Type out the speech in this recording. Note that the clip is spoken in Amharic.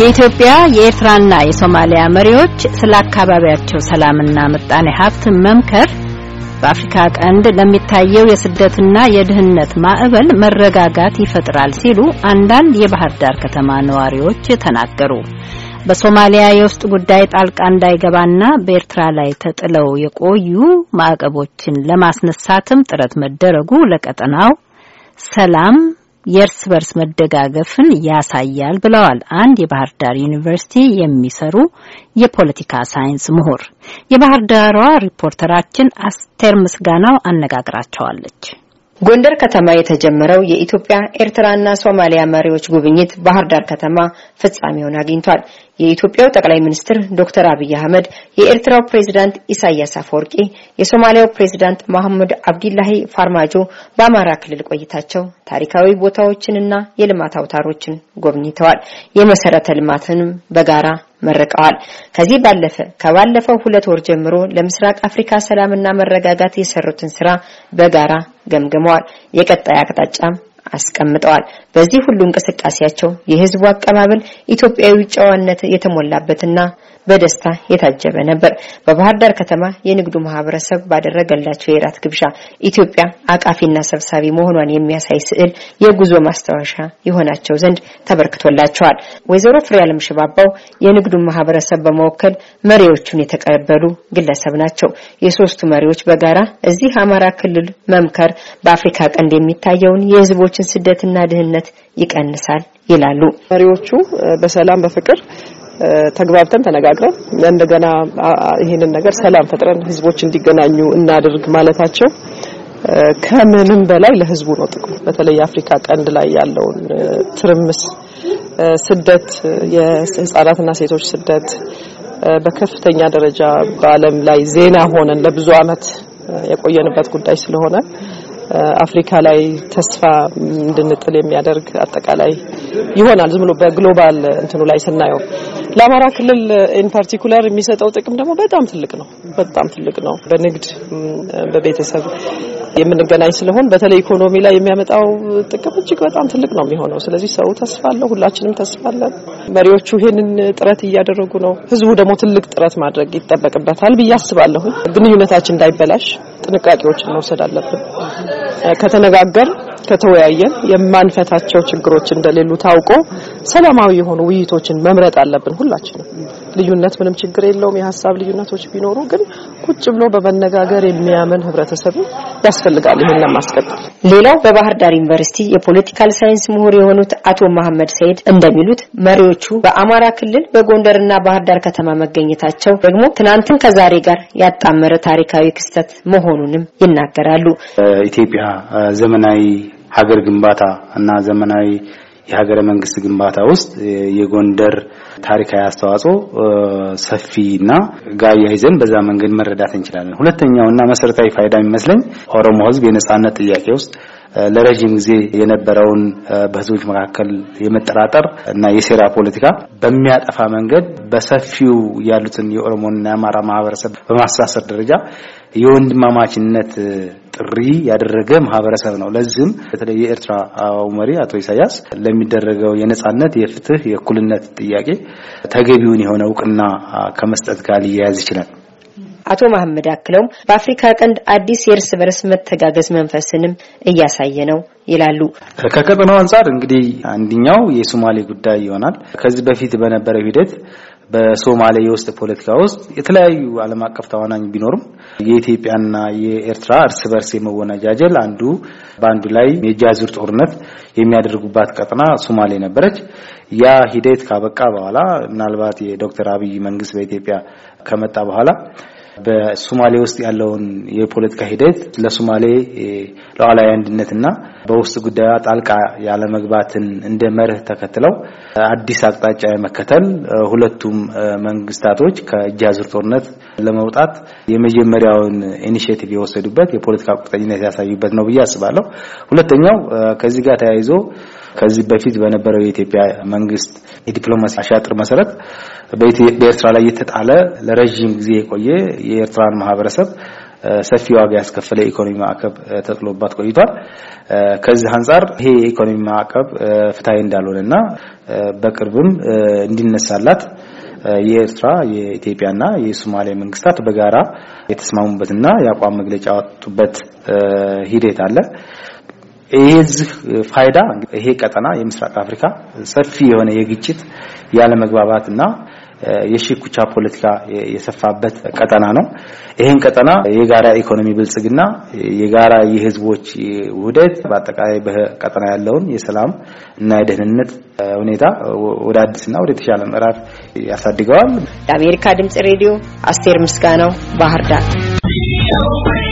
የኢትዮጵያ የኤርትራና የሶማሊያ መሪዎች ስለ አካባቢያቸው ሰላምና ምጣኔ ሀብት መምከር በአፍሪካ ቀንድ ለሚታየው የስደትና የድህነት ማዕበል መረጋጋት ይፈጥራል ሲሉ አንዳንድ የባህር ዳር ከተማ ነዋሪዎች ተናገሩ። በሶማሊያ የውስጥ ጉዳይ ጣልቃ እንዳይገባና በኤርትራ ላይ ተጥለው የቆዩ ማዕቀቦችን ለማስነሳትም ጥረት መደረጉ ለቀጠናው ሰላም የእርስ በርስ መደጋገፍን ያሳያል ብለዋል አንድ የባህር ዳር ዩኒቨርሲቲ የሚሰሩ የፖለቲካ ሳይንስ ምሁር። የባህር ዳሯ ሪፖርተራችን አስቴር ምስጋናው አነጋግራቸዋለች። ጎንደር ከተማ የተጀመረው የኢትዮጵያ ኤርትራና ሶማሊያ መሪዎች ጉብኝት ባህር ዳር ከተማ ፍጻሜውን አግኝቷል። የኢትዮጵያው ጠቅላይ ሚኒስትር ዶክተር አብይ አህመድ፣ የኤርትራው ፕሬዝዳንት ኢሳያስ አፈወርቂ፣ የሶማሊያው ፕሬዝዳንት መሐመድ አብዲላሂ ፋርማጆ በአማራ ክልል ቆይታቸው ታሪካዊ ቦታዎችንና የልማት አውታሮችን ጎብኝተዋል። የመሰረተ ልማትንም በጋራ መርቀዋል። ከዚህ ባለፈ ከባለፈው ሁለት ወር ጀምሮ ለምስራቅ አፍሪካ ሰላምና መረጋጋት የሰሩትን ስራ በጋራ ገምግመዋል። የቀጣይ አቅጣጫም አስቀምጠዋል። በዚህ ሁሉ እንቅስቃሴያቸው የህዝቡ አቀባበል ኢትዮጵያዊ ጨዋነት የተሞላበትና በደስታ የታጀበ ነበር። በባህር ዳር ከተማ የንግዱ ማህበረሰብ ባደረገላቸው የራት ግብዣ ኢትዮጵያ አቃፊና ሰብሳቢ መሆኗን የሚያሳይ ስዕል የጉዞ ማስታወሻ የሆናቸው ዘንድ ተበርክቶላቸዋል። ወይዘሮ ፍሬ አለም ሽባባው የንግዱን ማህበረሰብ በመወከል መሪዎቹን የተቀበሉ ግለሰብ ናቸው። የሶስቱ መሪዎች በጋራ እዚህ አማራ ክልል መምከር በአፍሪካ ቀንድ የሚታየውን የህዝቦችን ስደትና ድህነት ይቀንሳል ይላሉ። መሪዎቹ በሰላም በፍቅር ተግባብተን ተነጋግረን እንደገና ይሄንን ነገር ሰላም ፈጥረን ህዝቦች እንዲገናኙ እናድርግ ማለታቸው ከምንም በላይ ለህዝቡ ነው ጥቅሙ። በተለይ የአፍሪካ ቀንድ ላይ ያለውን ትርምስ፣ ስደት፣ የህጻናትና ሴቶች ስደት በከፍተኛ ደረጃ በዓለም ላይ ዜና ሆነን ለብዙ አመት የቆየንበት ጉዳይ ስለሆነ አፍሪካ ላይ ተስፋ እንድንጥል የሚያደርግ አጠቃላይ ይሆናል። ዝም ብሎ በግሎባል እንትኑ ላይ ስናየው ለአማራ ክልል ኢን ፓርቲኩላር የሚሰጠው ጥቅም ደግሞ በጣም ትልቅ ነው። በጣም ትልቅ ነው። በንግድ በቤተሰብ የምንገናኝ ስለሆን በተለይ ኢኮኖሚ ላይ የሚያመጣው ጥቅም እጅግ በጣም ትልቅ ነው የሚሆነው። ስለዚህ ሰው ተስፋ አለው፣ ሁላችንም ተስፋ አለን። መሪዎቹ ይሄንን ጥረት እያደረጉ ነው። ህዝቡ ደግሞ ትልቅ ጥረት ማድረግ ይጠበቅበታል ብዬ አስባለሁ። ግንኙነታችን እንዳይበላሽ ጥንቃቄዎችን መውሰድ አለብን። ከተነጋገር ከተወያየን የማንፈታቸው ችግሮች እንደሌሉ ታውቆ ሰላማዊ የሆኑ ውይይቶችን መምረጥ አለብን። ሁላችንም ልዩነት ምንም ችግር የለውም። የሀሳብ ልዩነቶች ቢኖሩ ግን ቁጭ ብሎ በመነጋገር የሚያምን ህብረተሰብ ያስፈልጋል። ይሄን ለማስቀጠል ሌላው በባህር ዳር ዩኒቨርሲቲ የፖለቲካል ሳይንስ ምሁር የሆኑት አቶ መሐመድ ሰይድ እንደሚሉት መሪዎቹ በአማራ ክልል በጎንደርና ባህር ዳር ከተማ መገኘታቸው ደግሞ ትናንትን ከዛሬ ጋር ያጣመረ ታሪካዊ ክስተት መሆኑንም ይናገራሉ። ኢትዮጵያ ዘመናዊ ሀገር ግንባታ እና ዘመናዊ የሀገረ መንግስት ግንባታ ውስጥ የጎንደር ታሪካዊ አስተዋጽኦ ሰፊና ጋር ያይዘን በዛ መንገድ መረዳት እንችላለን። ሁለተኛውና መሰረታዊ ፋይዳ የሚመስለኝ ኦሮሞ ህዝብ የነጻነት ጥያቄ ውስጥ ለረጅም ጊዜ የነበረውን በህዝቦች መካከል የመጠራጠር እና የሴራ ፖለቲካ በሚያጠፋ መንገድ በሰፊው ያሉትን የኦሮሞና የአማራ ማህበረሰብ በማስተሳሰር ደረጃ የወንድማማችነት ጥሪ ያደረገ ማህበረሰብ ነው። ለዚህም በተለይ የኤርትራ መሪ አቶ ኢሳያስ ለሚደረገው የነጻነት፣ የፍትህ፣ የእኩልነት ጥያቄ ተገቢውን የሆነ እውቅና ከመስጠት ጋር ሊያያዝ ይችላል። አቶ መሐመድ አክለውም በአፍሪካ ቀንድ አዲስ የእርስ በርስ መተጋገዝ መንፈስንም እያሳየ ነው ይላሉ። ከቀጠናው አንጻር እንግዲህ አንድኛው የሶማሌ ጉዳይ ይሆናል። ከዚህ በፊት በነበረው ሂደት በሶማሌ የውስጥ ፖለቲካ ውስጥ የተለያዩ ዓለም አቀፍ ተዋናኝ ቢኖርም የኢትዮጵያና የኤርትራ እርስ በርስ የመወነጃጀል አንዱ በአንዱ ላይ የጃዙር ጦርነት የሚያደርጉባት ቀጠና ሶማሌ ነበረች። ያ ሂደት ካበቃ በኋላ ምናልባት የዶክተር አብይ መንግስት በኢትዮጵያ ከመጣ በኋላ በሶማሌ ውስጥ ያለውን የፖለቲካ ሂደት ለሶማሌ ሉዓላዊ አንድነትና በውስጥ ጉዳዩ ጣልቃ ያለመግባትን እንደ መርህ ተከትለው አዲስ አቅጣጫ የመከተል ሁለቱም መንግስታቶች አዙር ጦርነት ለመውጣት የመጀመሪያውን ኢኒሽቲቭ የወሰዱበት የፖለቲካ ቁርጠኝነት ያሳዩበት ነው ብዬ አስባለሁ። ሁለተኛው ከዚህ ጋር ተያይዞ ከዚህ በፊት በነበረው የኢትዮጵያ መንግስት የዲፕሎማሲ አሻጥር መሰረት በኤርትራ ላይ የተጣለ ለረዥም ጊዜ የቆየ የኤርትራን ማህበረሰብ ሰፊ ዋጋ ያስከፈለ የኢኮኖሚ ማዕቀብ ተጥሎባት ቆይቷል። ከዚህ አንጻር ይሄ የኢኮኖሚ ማዕቀብ ፍትሐዊ እንዳልሆነና በቅርብም እንዲነሳላት የኤርትራ የኢትዮጵያና የሶማሊያ መንግስታት በጋራ የተስማሙበትና የአቋም መግለጫ ያወጡበት ሂደት አለ። ይህ ፋይዳ ይሄ ቀጠና የምስራቅ አፍሪካ ሰፊ የሆነ የግጭት ያለመግባባት እና የሽኩቻ ፖለቲካ የሰፋበት ቀጠና ነው። ይህን ቀጠና የጋራ ኢኮኖሚ ብልጽግና፣ የጋራ የህዝቦች ውህደት፣ በአጠቃላይ በቀጠና ያለውን የሰላም እና የደህንነት ሁኔታ ወደ አዲስና ወደ ተሻለ ምዕራፍ ያሳድገዋል። ለአሜሪካ ድምጽ ሬዲዮ አስቴር ምስጋናው ባህር ዳር